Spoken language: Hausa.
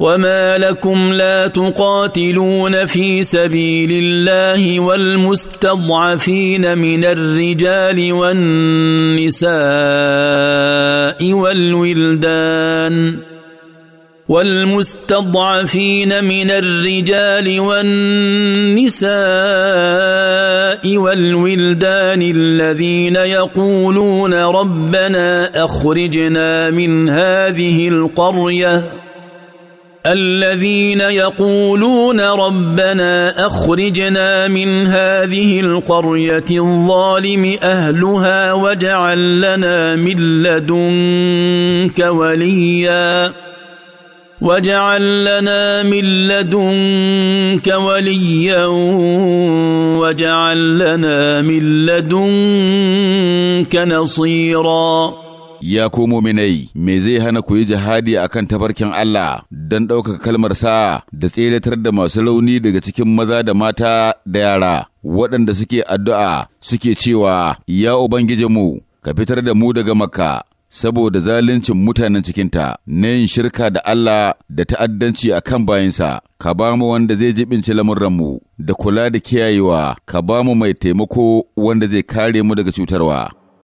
وما لكم لا تقاتلون في سبيل الله والمستضعفين من الرجال والنساء والولدان والمستضعفين من الرجال والنساء والولدان الذين يقولون ربنا اخرجنا من هذه القريه الذين يقولون ربنا اخرجنا من هذه القريه الظالم اهلها واجعل لنا من لدنك وليا واجعل لنا من لدنك وليا واجعل لنا من لدنك نصيرا Ya komo minai, me zai hana ku yi jihadi a kan tafarkin Allah don ɗaukaka kalmarsa da tseletar da masu rauni daga cikin maza da mata da yara, waɗanda suke addu'a suke cewa, Ya Ubangijinmu, ka fitar da mu daga Makka. saboda zaluncin mutanen cikinta na yin shirka da Allah da ta'addanci a kan bayansa, ka ba mu wanda zai jibinci lamurranmu da kula da kiyayewa, ka ba mu mai taimako wanda zai kare mu daga cutarwa.